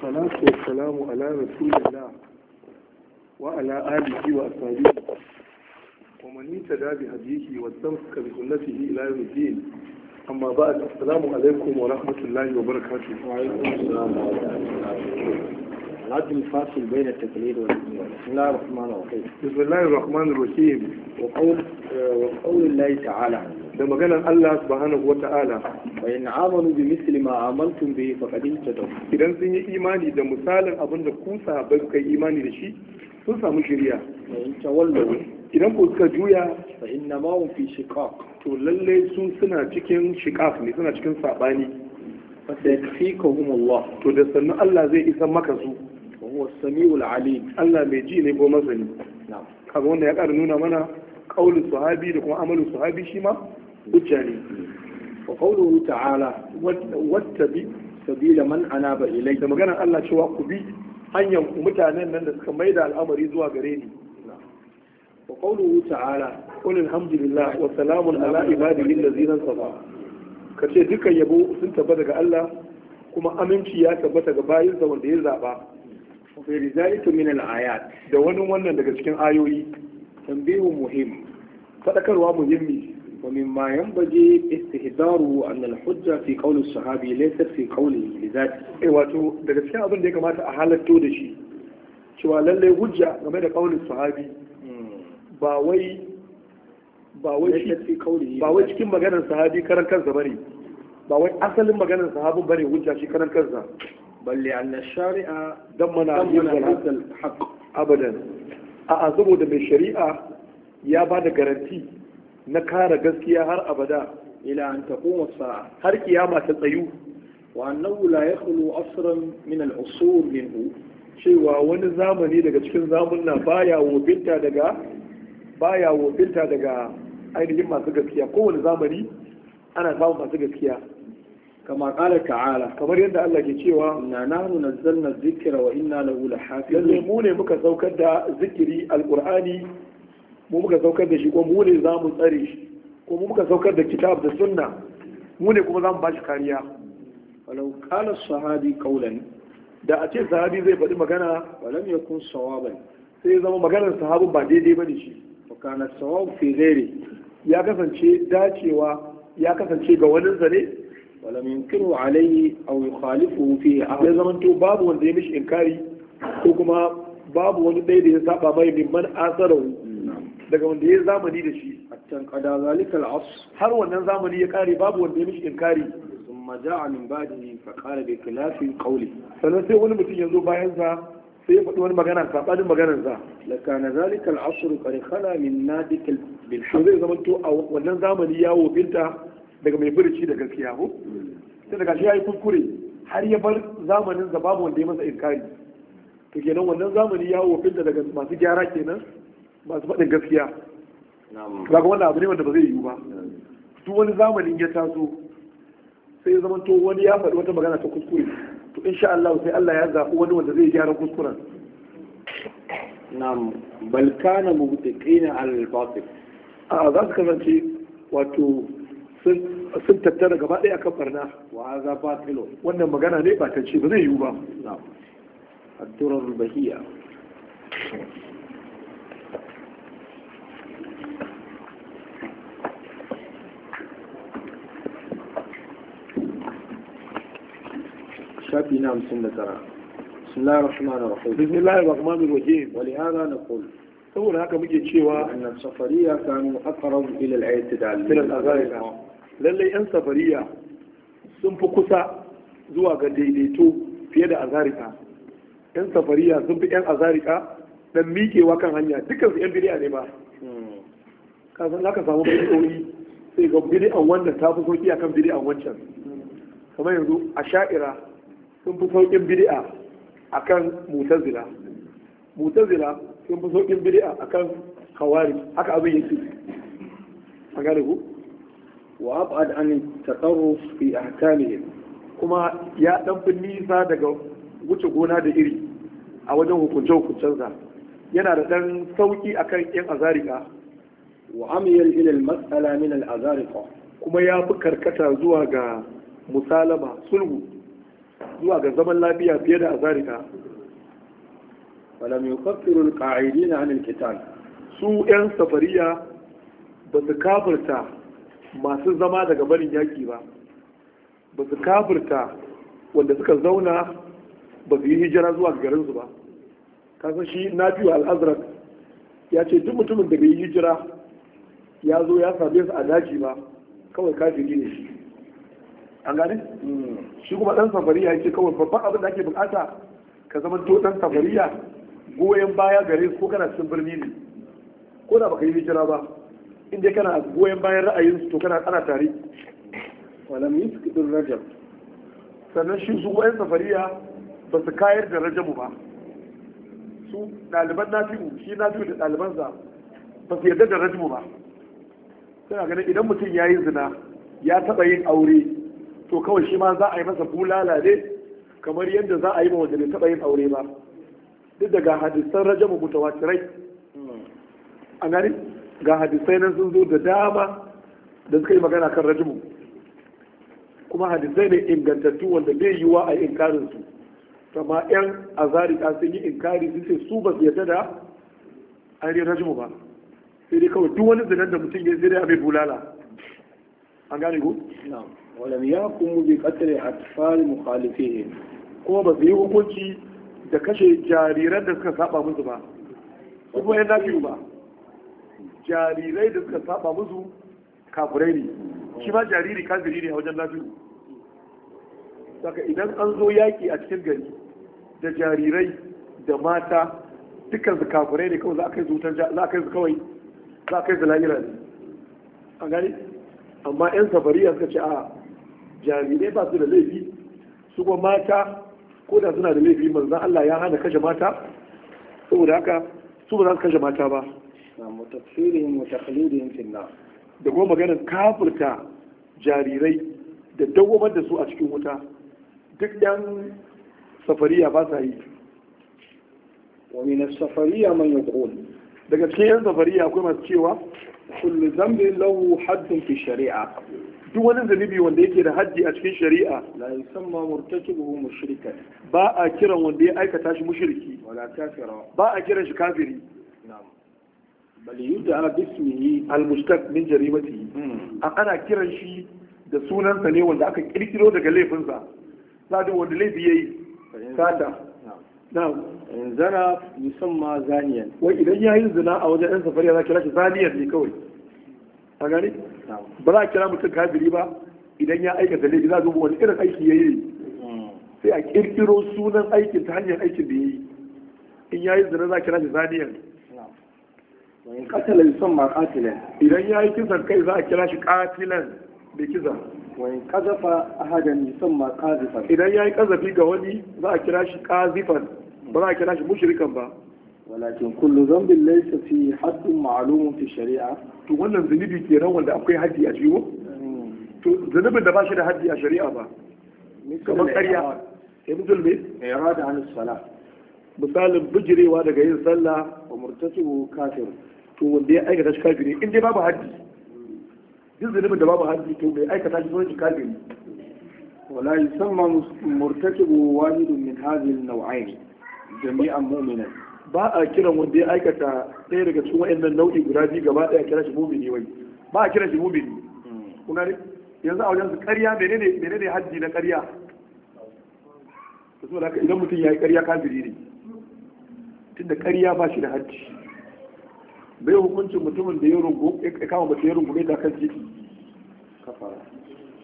salatu wa salamu ala rasulillah wa ala alihi wa ashabihi wa man yata bi hadihi wa tamka bi sunnatihi ila yawm din amma ba'd assalamu alaikum wa rahmatullahi wa barakatuh wa alaikum assalam wa rahmatullahi العدل الفاصل بين التقليد والإيمان بسم الله الرحمن الرحيم بسم الله الرحمن الرحيم وقول وقول الله تعالى da maganar Allah subhanahu wa ta'ala wa idan sun yi imani da misalin abin da ku sahabbai kuka imani da shi sun samu shari'a idan ku suka juya fa inna ma hum fi shiqaq to lalle sun suna cikin shiqaq ne suna cikin sabani fa Allah to da sannan Allah zai isa maka su wa huwa samiul alim Allah mai ji ne ko masani na'am kaga wanda ya ƙara nuna mana kaulin sahabi da kuma amalin sahabi shi ma hujja ne wa qawluhu ta'ala wattabi sabila man anaba ilai da maganar Allah cewa ku bi hanyar mutanen nan da suka maida al'amari zuwa gare ni wa qawluhu ta'ala qul alhamdulillah wa salamun ala ibadihi allazina safa kace dukan yabo sun tabba daga Allah kuma aminci ya tabbata ga bayinsa wanda ya zaba fi rizalika min al-ayat da wani wannan daga cikin ayoyi tambihu muhim fadakarwa muhimmi ومما ينبغي استهداره أن الحجة abin da ya kamata a halatto da shi asalin maganar sahabin bane hujja shi karan kansa balle anna shari'a a'a saboda mai shari'a ya ba da garanti na kare gaskiya har abada ila an har kiyama ta tsayu wa annahu la yakhlu asran min al usur minhu cewa wani zamani daga cikin zamunna baya wofinta daga baya wofinta daga ainihin masu gaskiya kowane zamani ana samun masu gaskiya kama kala ta'ala kamar yadda Allah ke cewa na nahnu nazzalna dhikra wa inna lahu lahafizun lalle mu ne muka saukar da zikiri alqur'ani mu muka saukar da shi ko mu zamu tsare shi muka saukar da kitab da sunna mu ne kuma zamu bashi kariya walau qala sahabi qawlan da a ce sahabi zai faɗi magana walam yakun sawaban sai ya zama maganar sahabin ba daidai bane shi wa kana sawab ya kasance dacewa ya kasance ga wani zane walam yunkiru alayhi aw yukhalifu fi ya zamanto babu wanda ya mishi inkari ko kuma babu wani ɗaya da ya saba mai min man asarahu daga wanda ya zamani da shi A can kada zalikal asr har wannan zamani ya kare babu wanda ya mishi inkari thumma ja'a min ba'dihi fa qala bi khilafi qawli sannan sai wani mutum yanzu bayan sa sai ya faɗi wani magana saɓanin maganar sa kana zalikal asr qad khala min nadikal bil zaman to a wannan zamani ya wofinta daga mai furuci da gaskiya ko sai daga shi ya yi kuskure har ya bar zamanin da babu wanda ya masa inkari to kenan wannan zamani ya da daga masu gyara kenan masu faɗin gaskiya ga wannan abu ne wanda ba zai yiwu ba duk wani zamanin ya taso sai ya zamanto wani ya faɗi wata magana ta kuskure to insha Allah sai Allah ya zaɓi wani wanda zai gyara kuskuren na'am balkana mubtiqina al-batil a za su kasance wato sun tattara gaba ɗaya akan barna wa haza batilo wannan magana ne ba ta ce ba zai yiwu ba addurar شافي نعم سنة ترى بسم الله الرحمن الرحيم بسم الله الرحمن الرحيم ولهذا نقول سوى هكا مجد تشيوا أن السفرية كانوا أقرب إلى الاعتدال من الأغاية lallai 'yan safariya sun fi kusa zuwa ga daidaito fiye da azarika 'yan safariya sun fi 'yan azarika dan miƙewa kan hanya dukkan su 'yan bidiya ne ba kasan za ka samu bidiyoyi sai ga bidiyan wannan ta fi sauki akan bidiyan wancan kamar yanzu a sha'ira sun fi sauƙin bidi'a akan mutazila mutazila sun fi sauƙin bidi'a akan kawari haka abin yake a gane ku wa abad an tatarruf fi ahkamihim kuma ya dan nisa daga wuce gona da iri a wajen hukuncin hukuncensa yana da dan sauki akan yan azarika wa amiyal ila al mas'ala min al azarika kuma ya fi karkata zuwa ga musalama sulhu zuwa ga zaman lafiya fiye da azarika falam yukaffiru al qa'idina an al qital su yan safariya ba su kafirta masu zama daga barin yaƙi ba ba su kafirta wanda suka zauna ba su yi hijira zuwa garinsu ba kasan shi na biyu al'azirar ya ce duk mutumin da bai yi hijira ya zo ya same su a daji ba kawai kafiri ne shi an gane hmm. shi kuma ɗan safariya ya ce kawai babban abin da ake bukata ka zama to ɗan safariya goyon baya gare ko kana cikin birni ne ko da baka yi hijira ba inda kana goyon bayan ra'ayinsu to kana ana tare walam yusqitul rajab sannan shi su wayan safariya ba su kayar da rajabu ba su ɗaliban nafi'u shi nafi'u da ɗalibansa ba su yarda da rajabu ba suna ganin idan mutum ya yi zina ya taɓa yin aure to kawai shi ma za a yi masa bulala ne kamar yadda za a yi ma wanda bai taɓa yin aure ba duk daga hadisan rajamu mutawatirai hmm. a gani ga hadisai nan sun zo da dama da suka yi magana kan rajimu kuma hadisai ne ingantattu wanda bai wa a yi su kama yan azarika sun yi inkari sun ce su ba su yadda da ainihin rajimu ba sai dai kawai duk wani zinan da mutum ya zira ya bai bulala an gane ku? walam ya kuma bi katare a tafari mukhalifihi kuma ba su yi hukunci da kashe jariran da suka saba musu ba kuma yan biyu ba jarirai da suka saba musu kafirai ne shi ma jariri kafiri ne a wajen lafiyu saka idan an zo yaƙi a cikin gari da jarirai da mata dukkan su kafirai ne kawai za a kai zutan za a kai su kawai za a kai su lahira ne a gani amma yan safariya suka ce a jarirai ba su da laifi su kuma mata ko da suna da laifi manzan Allah ya hana kashe mata saboda haka su ba za su kashe mata ba wa takfirihim wa taqlidihim fi an da kuma maganar kafirta jarirai da dawwamar da su a cikin wuta duk yan safariya ba sa yi wa min as-safariya man yaqul daga cikin yan safariya akwai masu cewa kullu dhanbin lahu haddun fi shari'a duk wani zunubi wanda yake da haddi a cikin shari'a la yusamma murtakibuhu mushrikan ba a kiran wanda ya aikata shi mushriki wala kafira ba a kiran shi kafiri na'am bal yud'a bismihi al-mushtaq min jarimatihi an ana kiran shi da sunansa ne wanda aka kirkiro daga laifinsa sadin wanda laifi yayi sata na'am in zana yusamma zaniyan wai idan yayi zina a wajen ɗan safariya za kira shi zaniyan ne kawai a gani ba za a kira mutum kafiri ba idan ya aikata laifi za a duba wani irin aiki yayi sai a kirkiro sunan aikin ta hanyar aikin da yayi in yayi zina za kira shi zaniyan in katala yusamma qatilan idan ya yi kisan kai za a kira shi qatilan da kisa wa in qazafa ahadan yusamma kazifan? idan ya yi qazafi ga wani za a kira shi qazifan ba za a kira shi mushrikan ba walakin kullu dhanbin laysa fi haddun ma'lumun fi shari'a to wannan zunubi kenan wanda akwai haddi a ciwo to zunubin da ba shi da haddi a shari'a ba kamar ƙarya sai mutum mai irada an sala misalin bijirewa daga yin sallah wa murtasibu kafir to wanda ya aikata shi kafiri in dai babu haddi duk zunubin da babu haddi to bai aikata shi sunan shi kafiri wala yusamma murtakibu wahidun min hadhihi an-naw'ayn jami'an mu'mina ba a kiran wanda ya aikata ɗaya daga cikin waɗannan nau'i guda biyu gaba ɗaya kira shi mumini wai ba a kira shi mumini kuna ne yanzu a wajen su ƙarya menene menene haddi na ƙarya to saboda haka idan mutum ya yi ƙarya kafiri ne tunda ƙarya ba shi da haddi bai hukuncin mutumin da ya rungu ya kama mace ya rungu da kan jiki kafara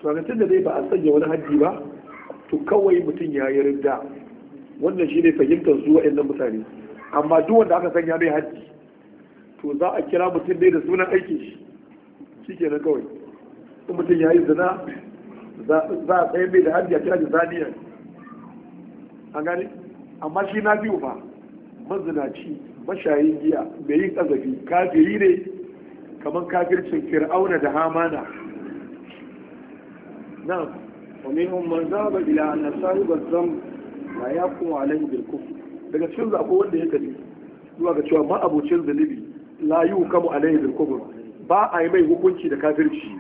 to ga tunda dai ba a sanya wani haji ba to kawai mutum ya yi ridda wannan shine fahimtar su nan mutane amma duk wanda aka sanya mai haji to za a kira mutum dai da sunan aikin shi na kawai in mutum ya yi zina za a tsaye mai da haji a kira da zaniya an gane amma shi na biyu ba mazinaci mashayin giya mai yin azafi kafiri ne kamar kafircin fir'auna da hamana na wa minhum ba zaba ila anna sahiba zam ya ya kuma bil kufr daga cikin su akwai wanda ya gani zuwa ga cewa ma abocin zalibi la yukamu alayhi bil kufr ba a yi mai hukunci da kafirci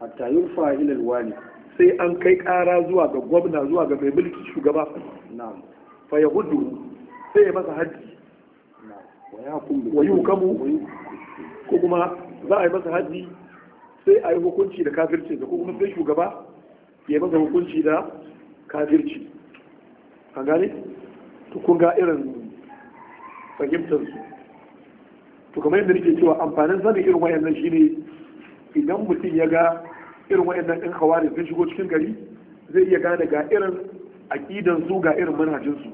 hatta yin fa'ilar wani sai an kai kara zuwa ga gwamna zuwa ga mai mulki shugaba na'am fa yahudu sai ya masa hajji wa yi hukamu ko kuma za a yi masa haji sai a yi hukunci da kafirci ko kuma sai shugaba ya yi masa hukunci da kafirci a gane Tukun ga irin fahimtar su to kamar yadda nake cewa amfanin zanen irin wayannan shine idan mutum ya ga irin wayannan ɗin hawari sun shigo cikin gari zai iya gane ga irin aƙidansu ga irin manhajinsu.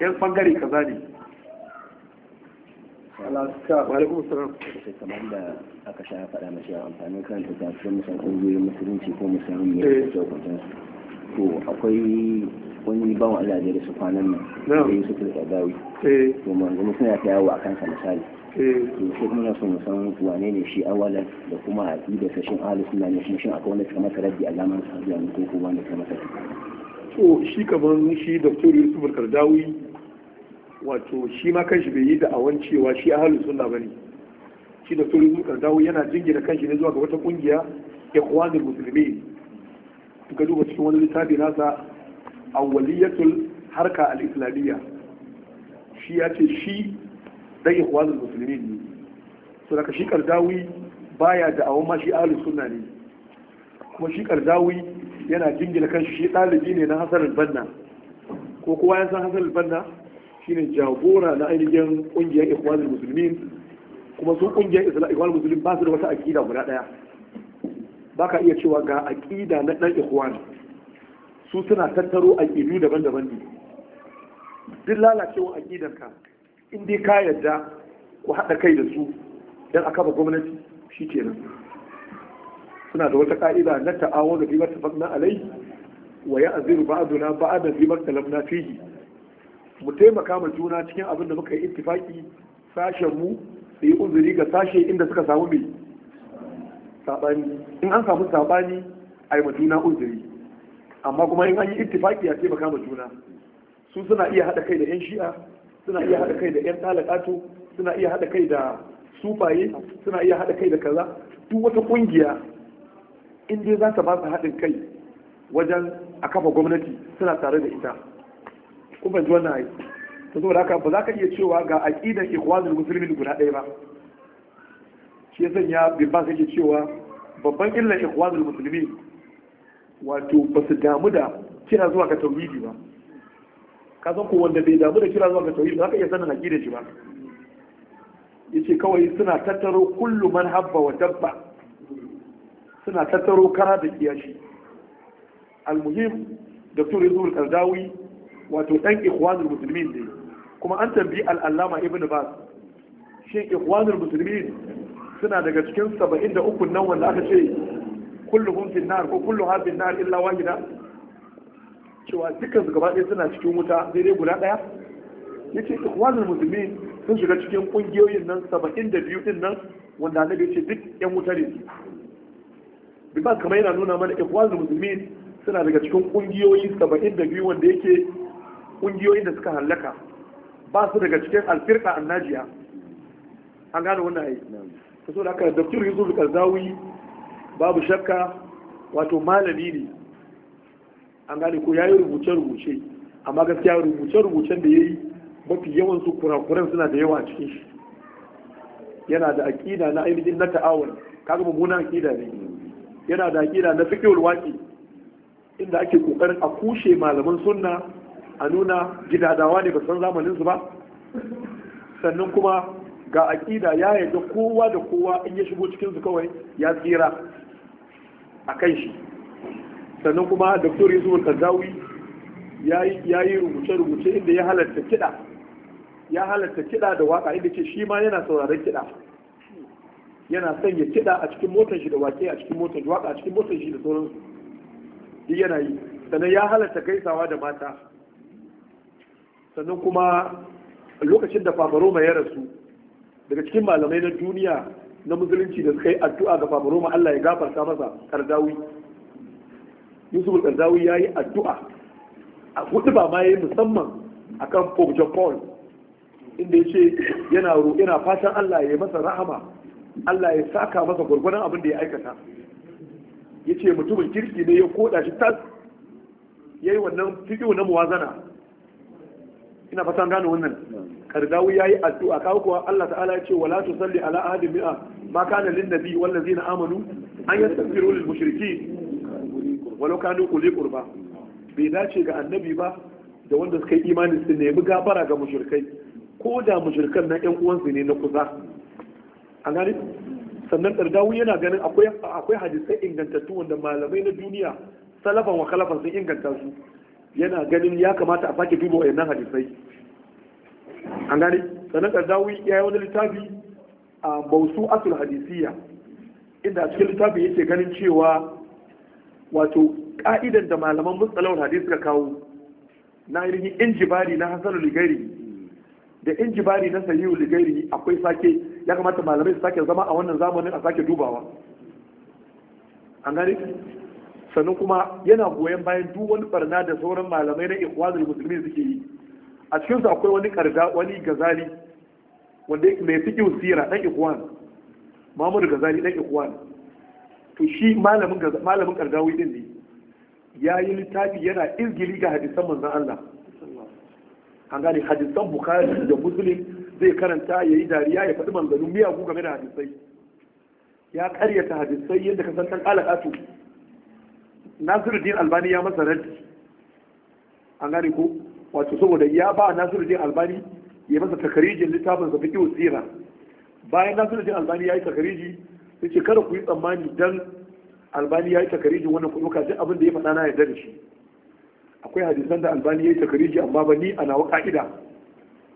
yan fangare kaza ne alaikum salam kamar da aka sha faɗa mashi a amfanin karanta tafiyar musamman ƙungiyoyin musulunci ko musamman ne da kyau to akwai wani bawan Allah da su kwanan nan da eh. to manzo ta yawo akan misali eh. to shi kuma na so mu wane ne shi awalan da kuma aqida sa shin ahlus ne akwai wanda suka masa ne ko kuma wanda suka masa to shi shi Yusuf al wato shi ma kanshi bai yi da awan cewa shi halin sunna bane shi da turi zuka dawo yana jingina kanshi ne zuwa ga wata kungiya da Musulmi. ga duba cikin wani littafi nasa waliyatul harka al-islamiyya shi ya ce shi dan da Musulmi ne so daga shi kardawi baya da awan ma shi halin sunna ne kuma shi kardawi yana jingina kanshi shi dalibi ne na hasar banna ko kowa ya san hasar banna shine jagora na ainihin kungiyar ikhwanul musulmin kuma su kungiyar ikhwanul musulmin ba su da wata aqida guda daya baka iya cewa ga aqida na dan ikhwan su suna tattaro aqidu daban-daban ne duk lalacewa aqidar ka in dai ka yarda ku haɗa kai da su dan a kafa gwamnati shikenan suna da wata ka'ida na ta'awun da bi mata fakna alai wa ya'ziru ba'duna ba'dan bi mata lamna fihi mu taimaka ma juna cikin abin da muka yi ittifaki sashen mu su yi uzuri ga sashe inda suka samu mai sabani in an samu sabani a yi ma juna uzuri amma kuma in an yi ittifaki a taimaka ma juna su suna iya haɗa kai da yan shi'a suna iya haɗa kai da yan talakatu suna iya haɗa kai da sufaye suna iya haɗa kai da kaza duk wata ƙungiya in dai za ta ba su haɗin kai wajen a kafa gwamnati suna tare da ita ban ji wannan ai to saboda haka ba za ka iya cewa ga aqidan ikhwanul muslimin guda ɗaya ba shi ya sanya bin ba cewa babban illar ikhwanul muslimin wato ba su damu da kira zuwa ga tauhidi ba ka san ko wanda bai damu da kira zuwa ga tauhidi ba za ka iya sanin aqidan shi ba yace kawai suna tattaro kullu man habba wa dabba suna tattaro kara da kiyashi al-muhim da turi zuwa kardawi wato dan ikhwanul muslimin ne kuma an tambayi al'allama ibn ibnu bas shin ikhwanul muslimin suna daga cikin saba'in uku nan wanda aka ce kullum fi nar ko kullu hadin nar illa wahida cewa dukkan su gaba ɗaya suna cikin wuta daidai guda ɗaya yace ikhwanul muslimin sun shiga cikin kungiyoyin nan saba'in da biyu din nan wanda annabi ya ce duk yan wuta ne bi ba kamar yana nuna mana ikhwanul muslimin suna daga cikin kungiyoyi biyu wanda yake ƙungiyoyin da suka hallaka ba su daga cikin alfirka annajiya an gane wannan ayi ta so da aka daftar yusuf zawi babu shakka wato malami ne an gane ko ya yi rubuce-rubuce amma gaskiya rubuce-rubucen da ya yi mafi yawan su kurakuran suna da yawa a cikin shi yana da aƙida na ainihin na ta'awun kaga mummuna aƙida ne yana da aƙida na fiƙewar waƙi inda ake ƙoƙarin a kushe malaman sunna a nuna gidadawa ne ba san zamanin su ba sannan kuma ga aƙida ya yarda kowa da kowa in ya shigo cikinsu kawai ya tsira a kan shi sannan kuma dr yusuf kazawi ya yi rubuce-rubuce inda ya halatta kiɗa ya halatta kiɗa da waka inda ce shi ma yana sauraron kiɗa yana sanya kiɗa a cikin motar shi da wake a cikin motar waka a cikin motar shi da sauransu duk yana yi sannan ya halatta gaisawa da mata sannan kuma lokacin da fafaroma ya rasu daga cikin malamai na duniya na musulunci da suka yi addu'a ga fafaroma Allah ya gafarta masa kardawi yusuf kardawi ya yi addu'a a hudu ba ma ya yi musamman akan pope john paul inda ya ce yana ina fatan Allah ya masa rahama Allah ya saka masa gwargwadon abin da ya aikata ya ce mutumin kirki ne ya koda shi tas ya yi wannan fiƙiyu na muwazana ina an gane wannan kardawi yayi addu'a kawo kuwa Allah ta'ala ya ce wala tusalli ala ahadin bi'a ma kana lin nabi wal ladina amanu an yastaghfiru lil mushrikeen walau kanu quli qurba bai dace ga annabi ba da wanda suka yi imani su nemi gafara ga mushrikai ko da mushrikan na ƴan uwansu ne na kusa an gane sannan kardawi yana ganin akwai akwai hadisai ingantattu wanda malamai na duniya salafan wa khalafan sun inganta su yana ganin ya kamata a sake duba wayannan hadisai an gani sannan kardawi ya yi wani littafi a bausu asul hadisiya inda a cikin littafi yake ganin cewa wato ka'idan da malaman mutsalawar hadis suka kawo na ainihin injibari na hasanu Ligari, da injibari na sahihu Ligari akwai sake ya kamata malamai su sake zama a wannan zamanin a sake dubawa an gani sannan kuma yana goyon bayan duk wani barna da sauran malamai na ikhwanul muslimin suke yi a cikin su akwai wani karda wani gazali wanda mai fiqh sira dan ikhwan Muhammad Gazali dan ikhwan to shi malamin malamin kardawi din ne yayi littafi yana izgili ga hadisan manzon Allah an gane hadisan Bukhari da Muslim zai karanta yayi dariya ya faɗi manzannin miyagu game da hadisai ya karyata hadisai yadda ka san kan alaƙatu nasiruddin albani ya masa raddi an gane ko wato saboda ya ba nasiruddin albani ya masa takarijin littafin sa fiqhu sirra bayan nasiruddin albani ya yi takariji sai ce kada ku yi tsammani dan albani ya yi takarijin wannan ku duka abinda abin da ya faɗa na yarda da shi akwai hadisan da albani ya yi takariji amma ba ni a nawa ka'ida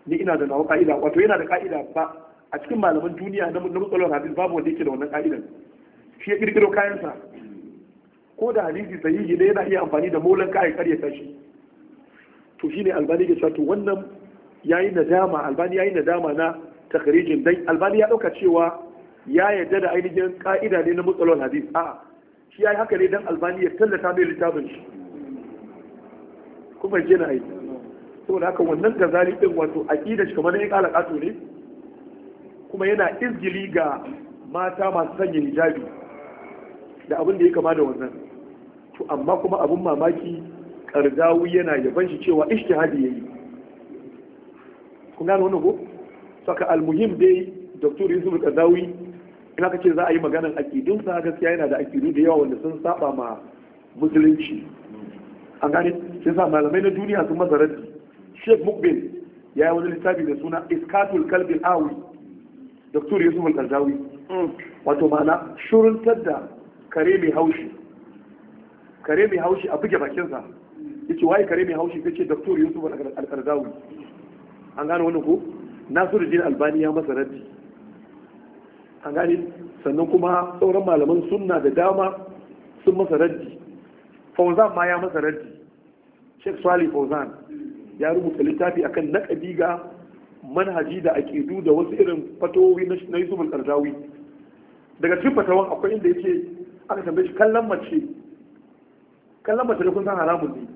ni ina da nawa ka'ida wato yana da ka'ida ba a cikin malaman duniya na matsalar hadis babu wanda yake da wannan ka'idan shi ya kirkiro kayansa ko da hadisi sahihi ne yana iya amfani da molan ka ya karyata shi to shine albani ya to wannan yayi nadama albani yayi nadama na takhrijin dai albani ya dauka cewa ya yarda da ainihin ka'ida ne na mutsalon hadisi. a shi yayi haka ne dan albani ya tallata mai litabin shi kuma je na aiki saboda haka wannan gazali din wato aqida shi kamar ne kala kato ne kuma yana izgili ga mata masu sanya hijabi da abin da ya kama da wannan to amma kuma abin mamaki kardawi yana yaban shi cewa ishtihadi yayi kun gane wannan ko saka almuhim dai dr yusuf karzawi ina kace za a yi maganar aqidun sa gaskiya yana da aqidu da yawa wanda sun saba ma musulunci an gane sai sa malamai na duniya sun masa sheikh mukbil ya yi wani littafi da suna iskatul kalbin awi dr yusuf karzawi mm. wato ma'ana shirin da kare mai haushi kare mai haushi a buge bakinsa yace waye kare mai haushi ce doktor yusuf al-qardawi an gane wannan ko nasiruddin albani ya masa raddi an gane sannan kuma sauran malaman sunna da dama sun masa raddi fauzan ma ya masa raddi sheikh swali fauzan ya rubuta littafi akan naƙadi ga manhaji da aƙidu da wasu irin fatowi na yusuf al-qardawi daga cikin fatawan akwai inda yake aka tambaye shi kallon mace kallon mace da kun san haramun ne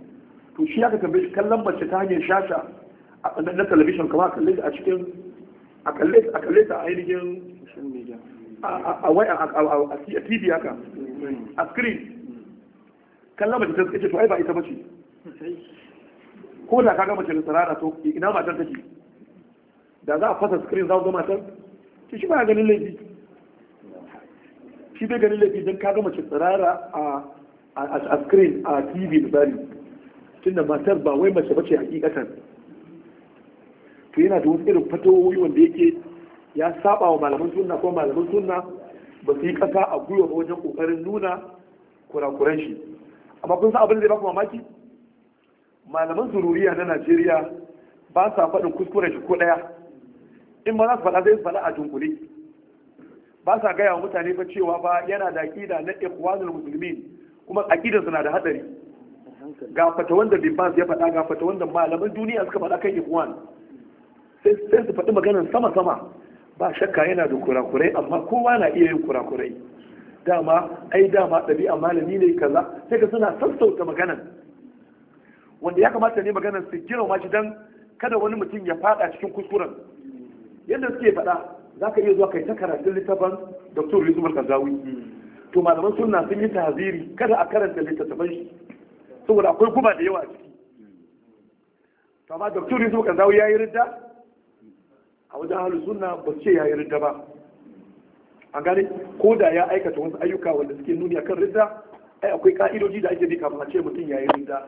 to shi aka tambaye shi kallon mace ta hanyar shasha na talabishin kama a kalle a cikin a kalle a kalle ta ainihin a wai a tv haka a screen kallon mace ta ce to ai ba ita bace ko da kaga mace da sarara to ina matar take da za a fasa screen za a ga matar shi ba ganin laifi shi bai gani laifi don kaga mace tsirara a screen a tv misali tunda matar ba wai mace bace hakikatan to yana da wasu irin fatawoyi wanda yake ya saba wa malaman suna ko malaman sunna ba su yi kasa a gwiwa wajen kokarin nuna kurakuran shi amma kun san abin da ya baku mamaki malaman zururiya na najeriya ba sa faɗin kuskuren shi ko ɗaya in ma za su faɗa zai faɗa a dunkule ba sa gaya wa mutane ba cewa ba yana da aƙida na ikhwanul muslimin kuma aƙidar na da hadari ga fata wanda bin ya faɗa ga fata wanda malaman duniya suka faɗa kan ikhwan sai sai su faɗi maganar sama sama ba shakka yana da kurakurai amma kowa na iya yin kurakurai dama ai dama ɗabi'a malami ne kaza sai ka suna sassauta maganan wanda ya kamata ne maganan su girma shi don kada wani mutum ya fada cikin kuskuren yadda suke faɗa za ka iya zuwa kai ta karatun littafin dr yusuf al-kazawi to malaman suna sun yi tahziri kada a karanta littattafan shi saboda akwai guba da yawa a ciki to amma dr yusuf al-kazawi ya yi ridda a wajen halin suna ba su ce ya yi ridda ba an gane ko da ya aikata wasu ayyuka wanda suke nuni a kan ridda ai akwai ka'idoji da ake bi kafin a ce mutum ya yi ridda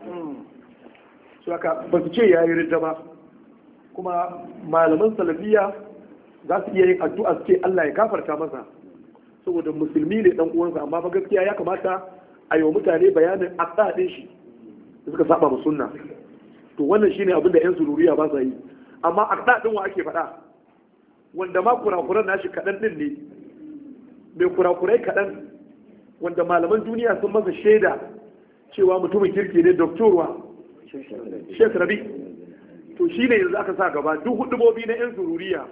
su haka ba su ce ya yi ridda ba kuma malaman salafiya za su iya yin addu'a suke Allah ya kafarta masa saboda musulmi ne dan uwansa amma fa gaskiya ya kamata a yi wa mutane bayanin akadin shi da suka saba ma sunna to wannan shine abin da yan zururiya ba sa yi amma akadin wa ake faɗa wanda ma kurakuran nashi kaɗan din ne mai kurakurai kaɗan wanda malaman duniya sun masa shaida cewa mutumin kirki ne doktorwa shek rabi to shine yanzu aka sa gaba duk hudubobi na yan zururiya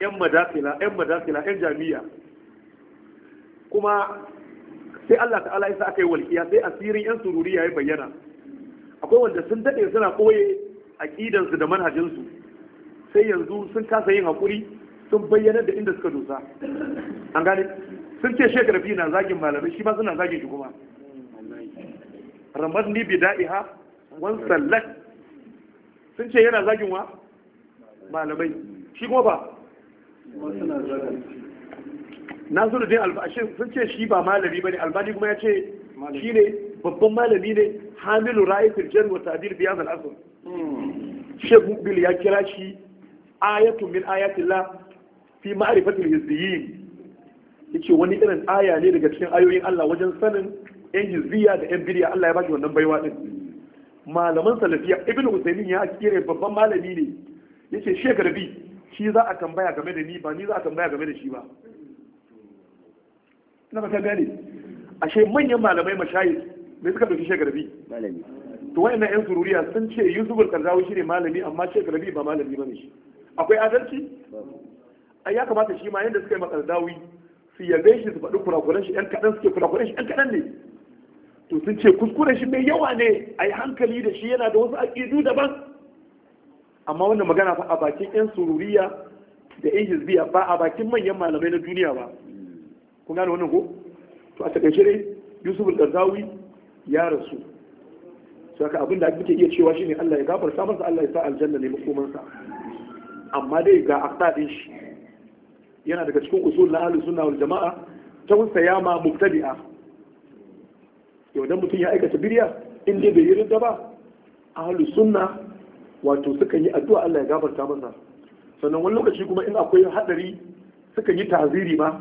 'yan madafila 'yan madafila 'yan jami'a kuma sai Allah ta'ala yasa aka yi walƙiya sai asirin 'yan sururi ya yi bayyana akwai wanda sun daɗe suna ɓoye ƙidansu da manhajinsu sai yanzu sun kasa yin haƙuri sun bayyana da inda suka dosa an gane sun ce shekarfi na zagin malamai shi ma suna zagin shi kuma ramar daɗi ha wan sallat sun ce yana zagin wa malamai shi kuma ba da dai albashi sun ce shi ba malami ba ne, albani kuma ya ce shi ne babban malami ne hamilu ra'isul jan wa ta'dil bi hadha al-asr hmm. shekh ya kira shi ayatun min ayatillah fi ma'rifatil hizbiyyin yace wani irin aya ne daga cikin ayoyin Allah wajen sanin yan hizbiya da yan bidiya Allah ya baki wannan baiwa din malaman salafiya ibnu usaymin ya kire babban malami ne yace shekh bi shi za a tambaya game da ni ba ni za a tambaya game da shi ba na ba ta gane ashe manyan malamai mashayi mai suka dauki shekarabi malami to wayannan yan sururiya sun ce yusuf al shi shine malami amma shekarabi ba malami bane shi akwai adalci ai ya kamata shi ma yanda suka yi makardawi su yabe shi su faɗi kurakuren shi yan kaɗan suke kurakuren shi yan kaɗan ne to sun ce kuskuren shi mai yawa ne a yi hankali da shi yana da wasu aƙidu daban amma wannan magana fa a bakin yan sururiya da yan hizbiya ba a bakin manyan malamai na duniya ba kun gane wannan ko to a takaice dai yusuf al-qardawi ya rasu saka abin da ake iya cewa shine Allah ya gafarta masa Allah ya sa aljanna ne sa amma dai ga aqdadin shi yana daga cikin usul na ahlus sunna wal jamaa tausaya ma mubtadi'a yau dan mutum ya aikata biriya in dai bai yi ridda ba ahlus sunna wato sukan yi addu'a Allah ya gafarta masa sannan wani lokaci kuma in akwai hadari sukan yi taziri ma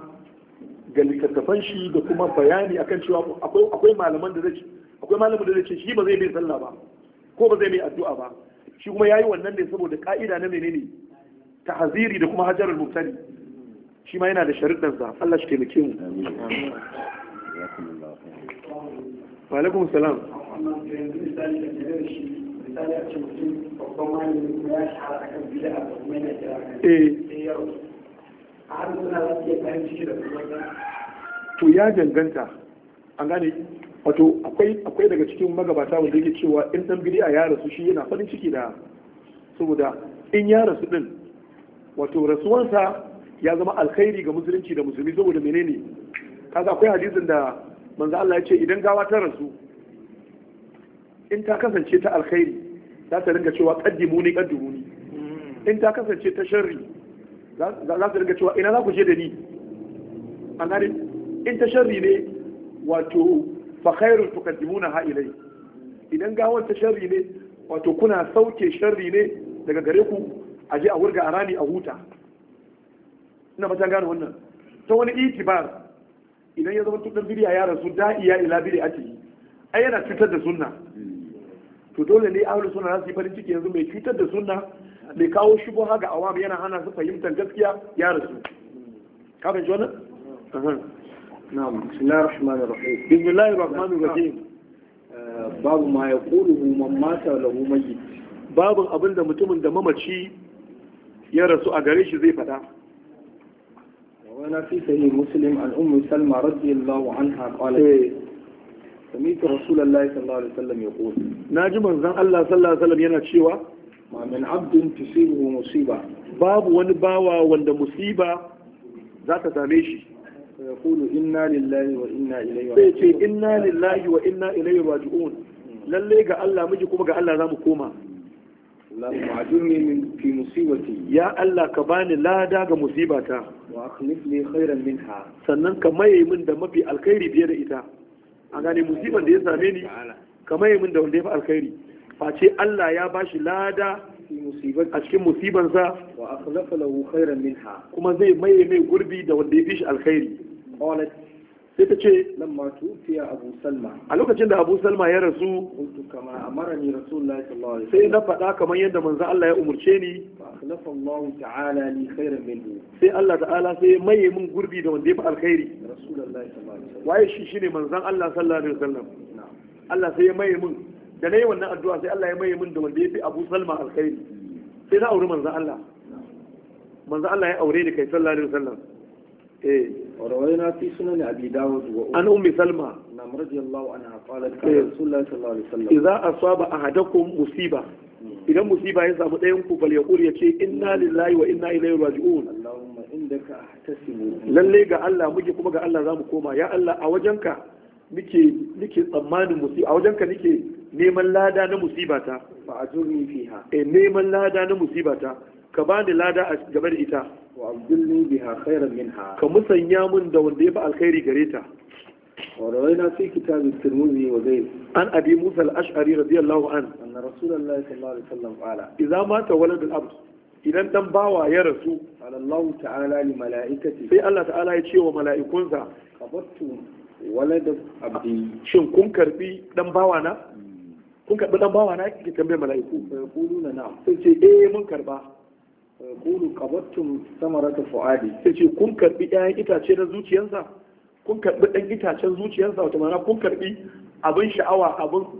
ga littattafan shi da kuma bayani akan cewa akwai malaman da zai akwai malamin da zai ce shi ba zai bi sallah ba ko ba zai yi addu'a ba shi kuma yayi wannan ne saboda ka'ida na menene tahziri da kuma hajarul mubtadi shi ma yana da sharuɗan sa Allah shi taimake mu wa alaikum salam misali a ce mutum babban malami kuma ya shahara akan bid'a da kuma yana kira kan eh. sai ya rasu a har suna za su iya kayan ciki da kuma to ya danganta an gane wato akwai daga cikin magabata wanda yake cewa in dan bid'a ya rasu shi yana farin ciki da saboda in ya rasu din wato rasuwansa ya zama alkhairi ga musulunci da musulmi saboda menene kaga akwai hadisin da manzo Allah ya ce idan gawa ta rasu in ta kasance ta alkhairi za ta ringa cewa kaddimuni ni. in ta kasance ta sharri za ta ringa cewa ina za ku je da ni an gane in ta sharri ne wato fa khairun tuqaddimuna ha ilai idan gawon ta sharri ne wato kuna sauke sharri ne daga gare ku a je a wurga a rani a huta ina fatan gane wannan ta wani itibar idan ya zama tudan biriya ya rasu da'iya ila bidiyati ai yana cutar da sunna to dole ne ahlus sunna nasu yi farin ciki yanzu mai cutar da sunna mai kawo shubuha ga awam yana hana su fahimtar gaskiya ya rasu ka fahimci wannan na'am bismillahir rahmanir rahim bismillahir rahmanir rahim eh, babu ma yaquluhu man mata lahu mayyit babu abinda mutumin da mamaci ya rasu a gare shi zai faɗa وانا في سهيل مسلم عن ام سلمى رضي الله Anha قالت سميت رسول الله صلى الله عليه yana cewa ma min abdin tusibu musiba babu wani bawa wanda musiba zata same shi yaqulu inna lillahi wa inna ilayhi raji'un sai ce inna lillahi wa ga Allah miji kuma ga Allah zamu koma ya Allah ka bani lada ga musibata wa minha sannan ka maye min da mafi alkhairi biye da ita a gane musibar da ya same ni kamar yamin da wanda ya fi alkhairi face Allah ya bashi lada a cikin musibansa wa akhlafa lahu khairan minha kuma zai maye mai gurbi da wanda ya fi shi alkhairi sai ta ce nan ma tufiya abu salma a lokacin da abu salma ya rasu kuntu kama amarani rasulullahi sallallahu alaihi sai na faɗa kamar yadda manzo Allah ya umurce ni fa akhlafa Allah ta'ala li khairan minhu sai Allah ta'ala sai ya maye min gurbi da wanda ya fi alkhairi rasulullahi sallallahu alaihi wasallam waye shi shine manzon Allah sallallahu alaihi wasallam Allah sai ya maye min da nayi wannan addu'a sai Allah ya maye min da wanda ya fi Abu Salma alkhairi sai na auri manzon Allah manzon Allah ya aure ni kai sallallahu alaihi wasallam Eh. وروينا في سنن أبي داود عن أم سلمى نعم رضي الله عنها قالت قال رسول الله idan musiba ya samu ɗayan ku fal yaqul yace inna lillahi wa inna ilaihi raji'un Allahumma ga Allah muke kuma ga Allah zamu koma ya Allah a wajenka muke nike tsammanin musiba a wajenka nike neman lada na musibata fa fiha eh neman lada na musibata ka ba ni lada a game da ita wa abdulli biha khairan minha ka musanya mun da wanda ya fi alkhairi gare ta wa sai fi kitab at-tirmidhi wa ghayr an abi musa al-ash'ari radiyallahu an anna rasulullahi sallallahu alaihi wasallam qala idza mata walad al-abd idan dan bawa ya rasu alallahu ta'ala li mala'ikati sai Allah ta'ala ya ce wa mala'ikunsa qabattu walad abdi shin kun karbi dan bawa na hmm. kun karbi dan bawa na kike tambaye mala'iku sai kuluna na sai ce eh mun karba kulu kabattum samarata fuadi sai ce kun karbi ɗayan itace na zuciyarsa kun karbi ɗan itacen zuciyarsa wata mana kun karbi abin sha'awa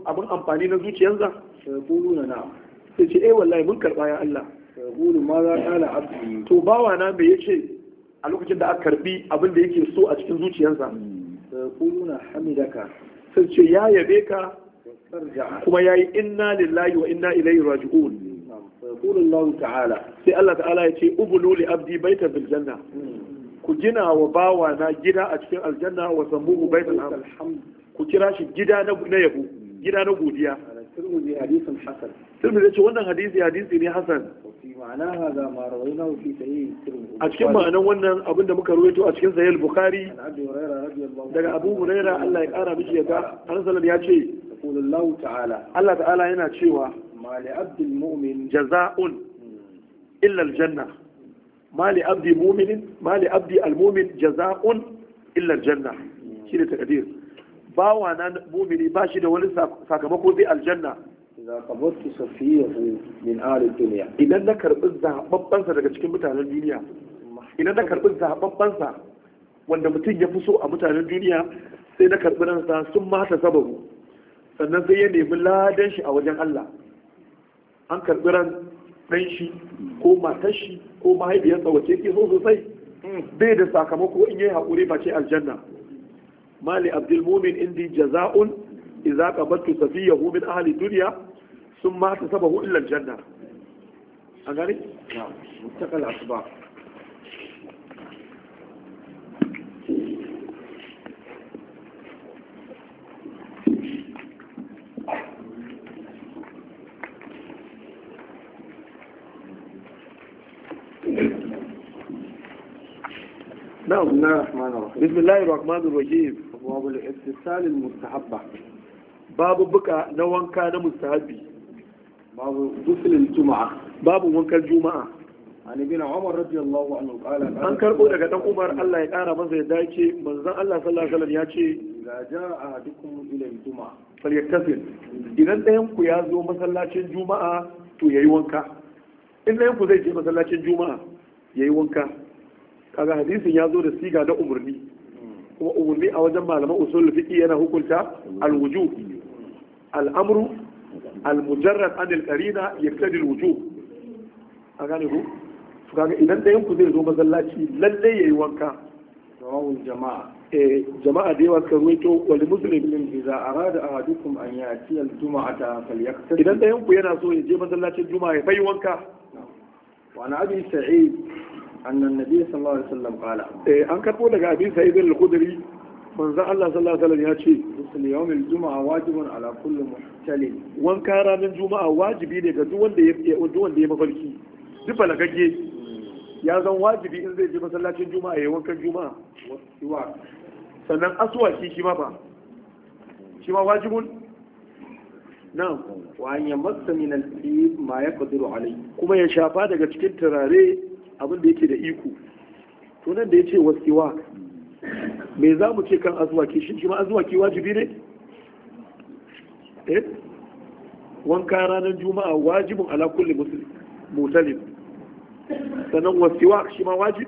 abin amfani na zuciyarsa kulu na na sai ce eh wallahi mun karba ya Allah kulu ma za kala abdi to bawa na me yace a lokacin da aka karbi abin da yake so a cikin zuciyarsa kulu na hamidaka sai ce ya yabe ka kuma yayi inna lillahi wa inna ilaihi raji'un yaqulu sai Allah ta'ala ya ce ubulu li abdi baita bil janna ku gina wa bawa na gida a cikin aljanna wa sammuhu baitul hamd ku kira shi gida na yabo gida na godiya tirmidhi hadisin ce wannan hadisi hadisi ne hasan a cikin ma'anan wannan abinda muka ruwaito a cikin sahih bukhari daga abu huraira Allah ya kara mishi yadda annabi ya ce Allah ta'ala yana cewa ma li abdil jaza'un illa aljanna ma li abdi mu'minin ma na mu'mini ba da wani sakamako zai aljanna idza idan na karbi zababban daga cikin mutanen duniya wanda mutum ya so a mutanen duniya sai na karbi sun mata sababu sannan sai ya nemi ladan shi a wajen Allah an karɓi ran ɗan shi ko matar shi ko mahaifiyarsa wace ke so sosai bai da sakamako in yi haƙuri ba ce aljanna mali Abdulmumin indi jaza'un idza qabaltu safiyahu min ahli dunya summa tasabahu illa aljanna an gani na mutakal نعم بسم الله الرحمن الرحيم بسم الله الرحمن الرحيم أبواب الاغتسال المستحبة باب بكى نوان كان باب غسل الجمعة باب الجمعة عن ابن عمر رضي الله عنه قال an karbo daga dan Umar Allah ya kara masa yadda yake manzon Allah sallallahu ya ce la jaa ahadukum ila idan dayan ku ya zo masallacin juma'a to yayi wanka in dayan ku zai je masallacin juma'a yayi wanka kaga hadisin ya zo da siga na umarni kuma umarni a wajen malaman usul fiqi yana hukunta alwuju, al'amru, al-amru al-mujarrad an al-qarina yaqtadi al-wujub a gane ku kaga idan dayan ku zai zo masallaci lalle yayi wanka rawul jama'a eh jama'a da yawa suka ruwaito wal muslimin idza arada ahadukum an yati al-jum'ata falyaqtadi idan dayan ku yana so ya je masallacin juma'a ya bai wanka wa ana abi sa'id annan nabi sallallahu alaihi wasallam qala eh an karbo daga abin sa'id al-khudri manzo Allah sallallahu alaihi ya ce ghusl yawm al-jum'a wajibun ala kulli muhtalim wanka ranar juma'a wajibi ne ga duk wanda ya duk wanda ya mafarki duk balagagge ya zan wajibi in zai je masallacin juma'a ya yi wankan juma'a sannan aswaki shi ma ba shi ma wajibun na'am wa an yamassu min al-tib ma yaqdiru kuma ya shafa daga cikin turare abin da yake da iko to nan da yace wasiwa me za mu ce kan azwaki shin shi ma azwaki wajibi ne eh wanka ranar juma'a wajibin ala kulli muslim mutalib sanan wasiwa shi ma Ka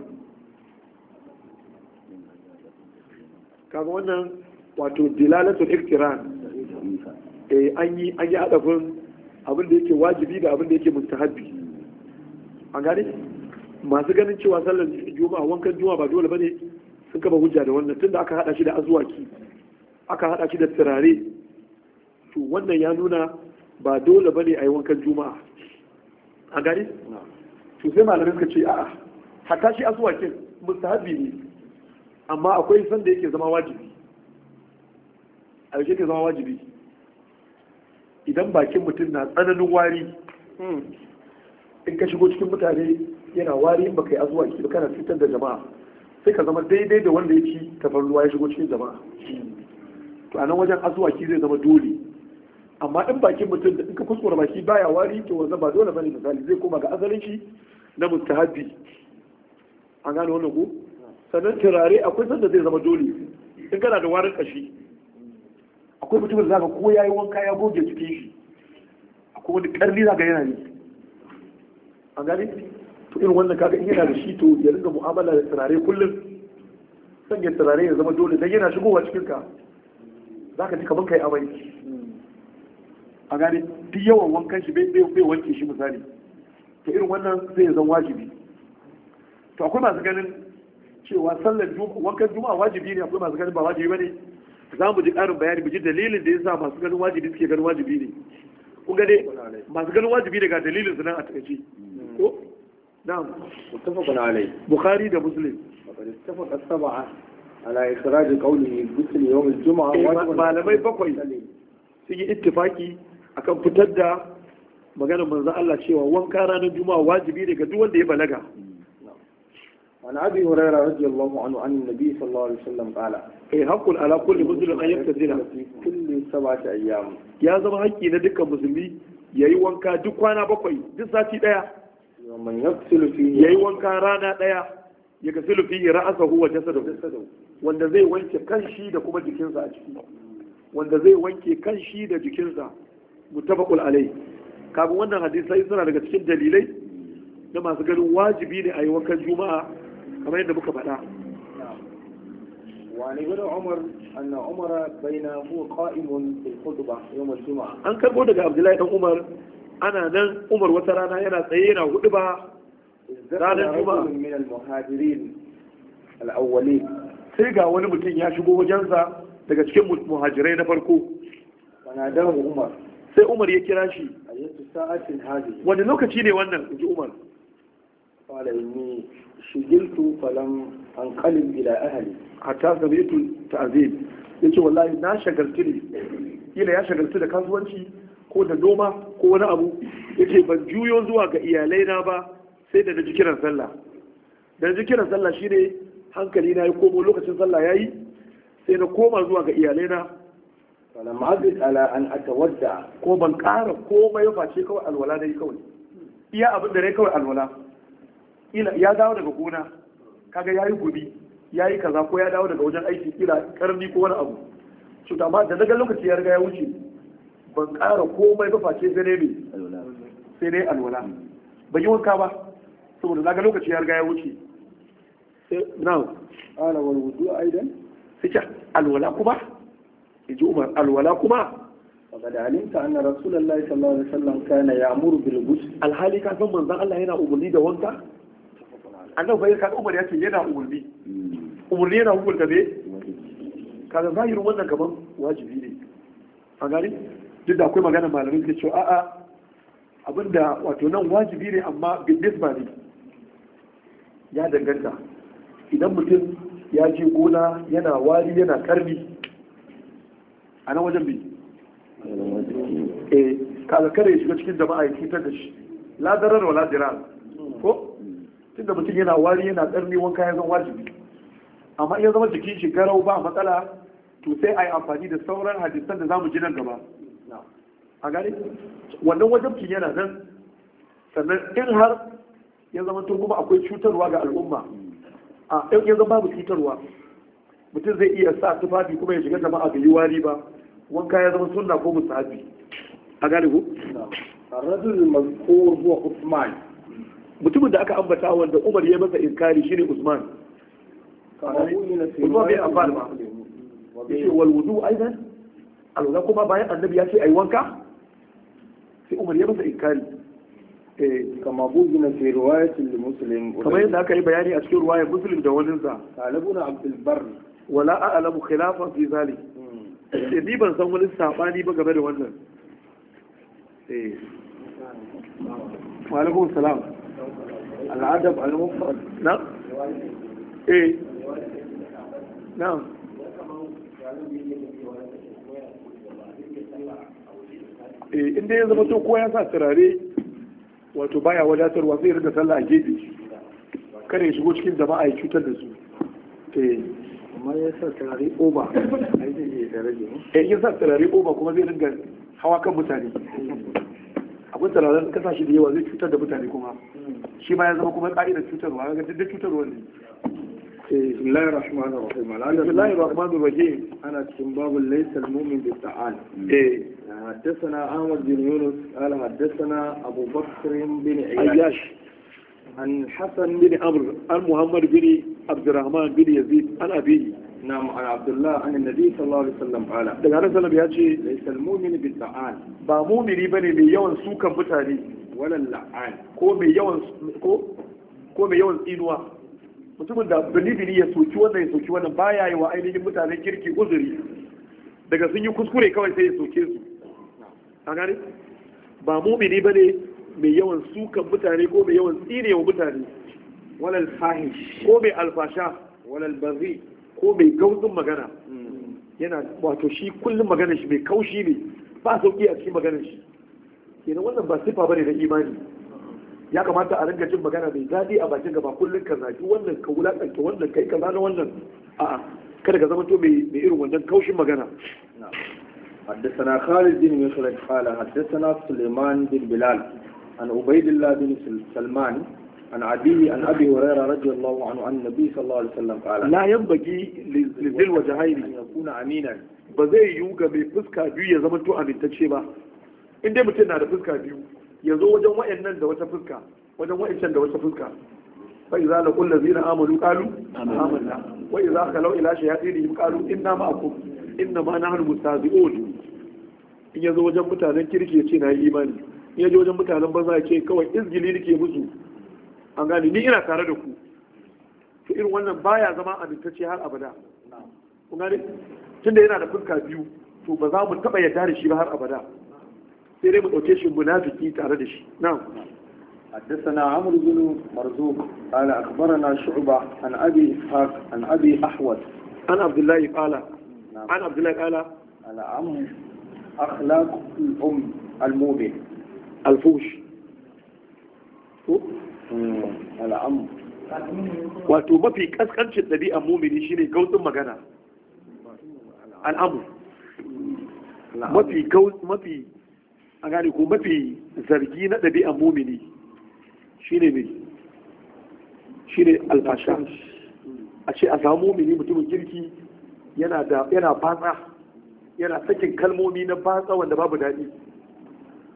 kaga wannan wato dilalatu iktiran eh an yi an yi adafin abin da yake wajibi da abin da yake mustahabi an gane masu ganin cewa sallar juma'a wankan juma'a ba dole bane sun kaba hujja da wannan tunda aka hada shi da azuwaki aka hada shi da turare to wannan ya nuna ba dole bane a yi wankan juma'a a gari to sai malamin suka ce a'a hatta shi azuwakin mustahabi ne amma akwai san da yake zama wajibi a yake zama wajibi idan bakin mutum na tsananin wari hmm. in ka shigo cikin mutane yana wari ba kai azuwa ki ba kana fitar da jama'a sai ka zama daidai da wanda ya ci tafarnuwa ya shigo cikin jama'a to a nan wajen azuwa ki zai zama dole amma in bakin mutum da in ka kuskura baki baya wari to wanda ba dole bane misali zai koma ga azalin shi na mustahabi an gane wannan ko sannan turare akwai sanda zai zama dole in kana da warin kashi akwai mutumin da zaka ko yayi wanka ya goge cikin shi akwai wani karni zaka yana ne an gane to irin wannan kaga in yana da shi to ya ringa mu'amala da turare kullum sanya turare ya zama dole dan yana shigowa cikin ka zaka ji ka kai amai a gane duk yawan wankan shi bai wanke shi misali to irin wannan zai zama wajibi to akwai masu ganin cewa sallar wankan juma'a wajibi ne akwai masu ganin ba wajibi bane za mu ji ƙarin bayani mu ji dalilin da ya sa masu ganin wajibi suke ganin wajibi ne kun gane masu ganin wajibi daga dalilin su nan a takaice ko نعم da عليه بخاري eh, malamai bakwai sun yi ittifaki akan fitar da maganar manzon Allah cewa wanka ranar juma'a wajibi daga duk wanda ya balaga عن ابي هريره رضي الله عنه عن النبي صلى الله na duka musulmi yayi wanka duk kwana bakwai duk sati ɗaya. yayi wanka rana daya ya ga ya ra'asahu huwa jasadu wanda zai wanke kanshi da kuma jikinsa a ciki wanda zai wanke kanshi da jikinsa mutabaqul alai kafin wannan hadisai suna daga cikin dalilai da masu ganin wajibi ne a yi wankan juma'a kamar yadda muka faɗa وعن ابن عمر أن عمر بين هو قائم في الخطبة يوم كان عبد الله بن عمر ana nan umar wata rana yana tsaye yana hudu ba ranar juma'a sai ga wani mutum ya shigo wajensa daga cikin muhajirai na farko sai umar ya kira shi wani lokaci ne wannan inji umar قال إني شجلت فلم أنقلب إلى Hatta حتى سمعت Ya yace wallahi na shagaltu ne Ila ya shagaltu da kasuwanci ko da noma ko wani abu ya ce ban juyo zuwa ga iyalai na ba sai da na ji kiran sallah da ji kiran sallah shi ne hankali na ya komo lokacin sallah ya yi sai na koma zuwa ga iyalai na falam azid ala an wadda ko ban ƙara komai ya face kawai alwala yi kawai iya abin da dai kawai alwala ya dawo daga gona kaga yi gobi yi kaza ko ya dawo daga wajen aiki kila karni ko wani abu to amma da daga lokaci ya riga ya wuce ban ƙara komai ba face sai dai sai dai alwala ba yi wanka ba saboda zaga lokaci ya riga ya wuce eh, now ala wal wudu aidan sika alwala kuma inji umar alwala kuma faqad alimta anna rasulullahi sallallahu alaihi wasallam kana ya'muru bil ghusl alhali ka san manzon Allah yana umarni da wanka annabi bai ka umar yake yana umarni hmm. umarni yana hukunta ne kaga zahirin wannan gaban wajibi ne a gari duk da akwai magana malamai ke cewa a'a abinda wato nan wajibi ne amma ba ne ya danganta idan mutum ya je gona yana wari yana karni a nan wajen bi eh kaga kare shiga cikin jama'a ya cutar da shi Ladarar wa ladarar ko tunda mutum yana wari yana karni wanka ya zama wajibi amma in ya zama jikin shi garau ba matsala to sai a yi amfani da sauran hadisan da za mu ji nan gaba a gane wannan wajabci yana nan sannan in har ya zama tun kuma akwai cutarwa ga al'umma a ɗan ya zama babu cutarwa mutum zai iya sa tufafi kuma ya shiga jama'a bai yi wari ba wanka ya zama sunna ko musahabi a gane ku rajul mazkur huwa Usman mutumin da aka ambata wanda Umar ya masa inkari shine Usman Usman bai amfani ba yace wal aidan alwala kuma bayan annabi ya ce yi wanka sai umar ya masa inkari eh, kama buzina fi riwayatul muslim kamar yadda aka yi bayani a cikin riwayar musulun da wani sa talibuna abdul bar wala a'lamu khilafan fi zalik sai hmm. ni ban san wani sabani ba game da wannan eh wa alaikum salam al'adab al-mufrad na eh na Eh, inda ya zama to ko ya sa turare wato baya wadatarwa zai rika sallah a gefe kada ya shigo cikin jama'a ya cutar da su eh. amma ya sa turare oba a yi eh, ya sa turare oba kuma zai ringa hawa kan mutane akwai turaren kasashe da yawa zai cutar da mutane kuma hmm. shi ma ya zama kuma ka'idar cutarwa ga duk cutarwa ne بسم الله الرحمن الرحيم بسم الله الرحمن الرحيم Ana cikin babul ليس da بالتعال حدثنا أحمد بن يونس قال حدثنا أبو بكر بن عياش عن حسن بن عمرو عن بن عبد الرحمن بن يزيد عن أبيه نعم عن عبد الله عن النبي صلى الله عليه وسلم قال daga nan sallam ya ce laysal mu'min bil la'an ba mu'mini bane mai yawan sukan mutane wala la'an ko mai yawan ko ko mai mutumin da bilibili ya soki wannan ya soki wannan baya yi wa ainihin mutane kirki uzuri daga sun yi kuskure kawai sai ya soke su a gane ba mumini bane mai yawan sukan mutane ko mai yawan tsine wa mutane walal fahish ko mai alfasha walal bazi ko mai gautun magana hmm. yana wato shi kullum magana shi mai kaushi ne ba sauki a cikin magana shi kenan wannan ba sifa bane na imani ya kamata a ringa jin magana mai daɗi a bakin gaba kullum ka zaki wannan ka wulaƙanta wannan kai kaza na wannan a'a kada ka zama to mai irin wannan kaushin magana حدثنا خالد بن مخلد قال حدثنا سليمان بن بلال عن عبيد الله بن سلمان عن عدي عن أبي هريرة رضي الله عنه عن النبي صلى الله عليه وسلم قال لا ينبغي لذي الوجهين أن يكون أمينا بزي يوغا بفسكا بيو يزمن تو أمين تشيبا إن دي متنا فسكا بيو يزو وجن وإن نند وتفسكا وجن وإن شند وتفسكا فإذا لقوا الذين آمنوا قالوا آمنا وإذا خلوا إلى شياطينهم قالوا إنا معكم إنما نحن مستهزئون in ya zo wajen mutanen kirki ya ce na yi imani in ya zo wajen mutanen banza ya ce kawai izgili nake musu an gane ni ina tare da ku to irin wannan baya zama amintacce har abada kun gane tunda yana da fuska biyu to ba za mu taba yarda da shi ba har abada sai dai mu dauke shi munafiki tare da shi na'am حدثنا عمرو بن مرزوق قال اخبرنا شعبه عن ابي اسحاق عن ابي احوص عن عبد الله قال عن عبد الله قال عمرو أخلاق الأم المؤمن الفوش al'amu wato mafi kaskancin ɗabi'an mumini shine gautsin magana al'amu mafi mafi a gane ko mafi zargi na ɗabi'an mumini shine ne shine alfasha a ce a samu mumini mutumin kirki yana da yana sakin kalmomi na batsa wanda babu daɗi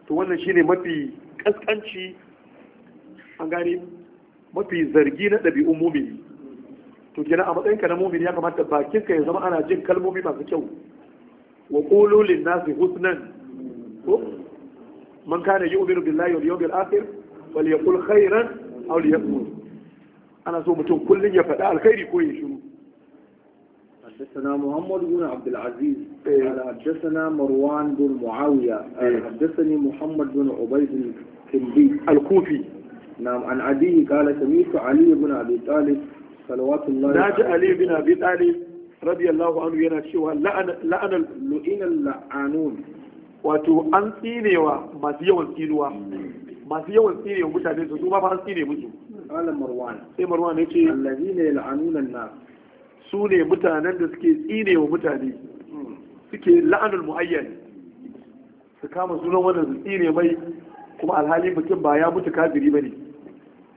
to wannan shine mafi kaskanci an gane mafi zargi na ɗabi'un mumini to kenan a matsayinka na mumini ya kamata bakinka ya zama ana jin kalmomi masu kyau wa qulu nasi husnan ko man kana yu'minu billahi wal yawmil akhir falyaqul khairan aw ana so mutum kullum ya faɗa alkhairi ko ya shiru حدثنا محمد بن عبد العزيز قال حدثنا مروان بن معاوية قال حدثني محمد بن عبيد الكندي الكوفي نعم عن عدي قال سمعت علي بن أبي طالب صلوات الله ناجى علي بن أبي طالب رضي الله عنه yana cewa la'an lu'inal la'anun wato an tsinewa masu yawan tsinuwa masu yawan tsinewa mutane su ba fa tsine musu qala marwan sai su ne mutanen da suke tsine wa mutane suke la'anul mu'ayyan su kama sunan wannan su tsine mai kuma alhali mutum ba ya mutu kafiri ba ne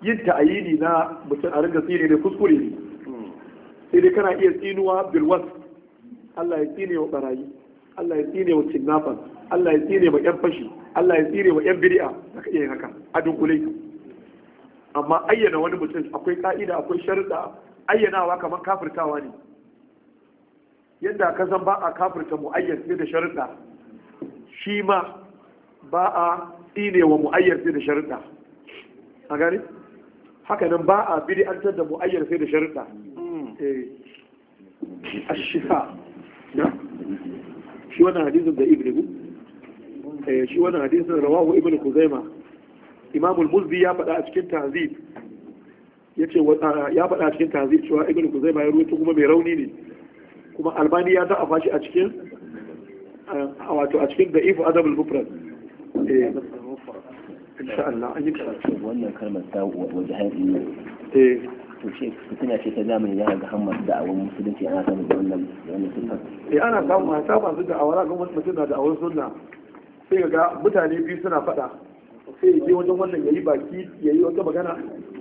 yin ta'ayini na mutum a ringa tsine ne kuskure ne sai dai kana iya tsinuwa bilwas Allah ya tsine wa barayi Allah ya tsine wa cinnafan Allah ya tsine wa yan fashi Allah ya tsine wa yan bid'a zaka iya haka a dunkule amma ayyana wani mutum akwai ka'ida akwai sharuɗa ayyanawa kamar kafirtawa ne yadda ka san ba a kafirta mu'ayyar sai da sharuɗa shi ma ba a tsine mu'ayyar sai da sharuɗa a gani haka nan ba a bid'antar da mu'ayyar sai da sharuɗa eh. a shi ha shi wannan hadisun da ibrahim eh, shi wannan hadisin rawahu ibnu kuzaima imamul muzdi ya faɗa a cikin tanzib ya ce ya faɗa cikin tanzil cewa ku zai ya ruwaito kuma mai rauni ne kuma albani ya da afashi a cikin a wato a cikin da ifu adabul mufrad eh insha Allah an yi karatu wannan kalmar ta wajahan ne eh to ce fitina ce ta zamani ya ga da awon musulunci ana samu da wannan da wannan sunna eh ana samu a ta masu awara ga mutum na awon sunna sai ga mutane biyu suna faɗa sai ya je wajen wannan yayi baki yayi wata magana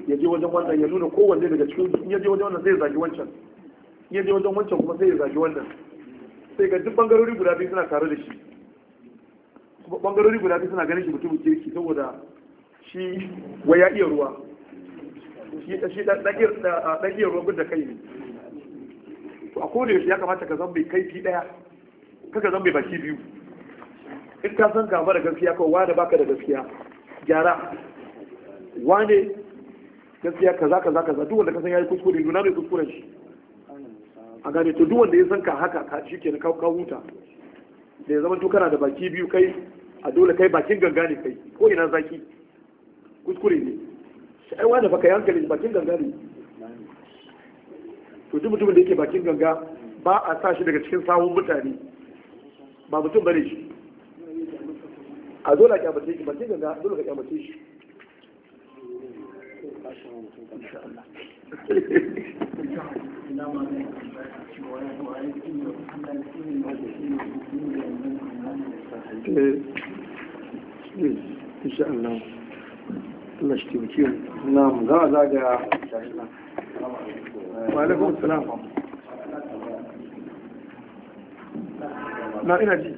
ya je wajen wannan ya nuna kowanne daga cikin in ya je wajen wannan zai zagi wancan in ya je wajen wancan kuma sai ya zagi wannan sai ga duk bangarori guda biyu suna tare da shi kuma bangarori guda biyu suna ganin shi mutumin kirki saboda shi wai ya iya ruwa shi ɗan iya ruwan da kai ne to a kowane shi ya kamata ka zan mai kaifi ɗaya kaka zan mai baki biyu in ka san ba da gaskiya ko wa da baka da gaskiya gyara wane gaskiya kaza kaza kaza duk wanda ka san yayi kuskure nuna mai kuskuren shi a gane to duk wanda ya san ka haka ka ke ka ka huta da ya zama to kana da baki biyu kai a dole kai bakin ganga ne kai ko ina zaki kuskure ne shi ai wanda baka yi hankali bakin ganga ne to duk mutumin da yake bakin ganga ba a sa shi daga cikin sawun mutane ba mutum bane shi a dole a kyamace shi bakin ganga dole ka kyamace shi إن شاء الله إن شاء الله الله يشتبكيهم نعم لا لا يا وعليكم السلام na ina ji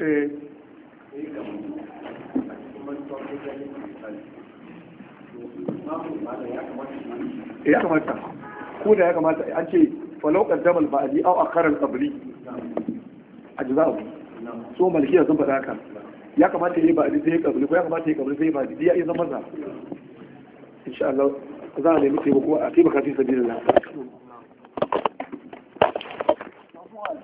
eh Eh, ya kamata ko da ya kamata an ce falau ba'adi au a karar akhara a qabli ajza'u so malikiya sun faɗa haka ya kamata yi ba'adi sai qabli ko ya kamata yi qabli sai ba'di ya yi zama za insha Allah za a nemi taimako a taimaka fi sabilillah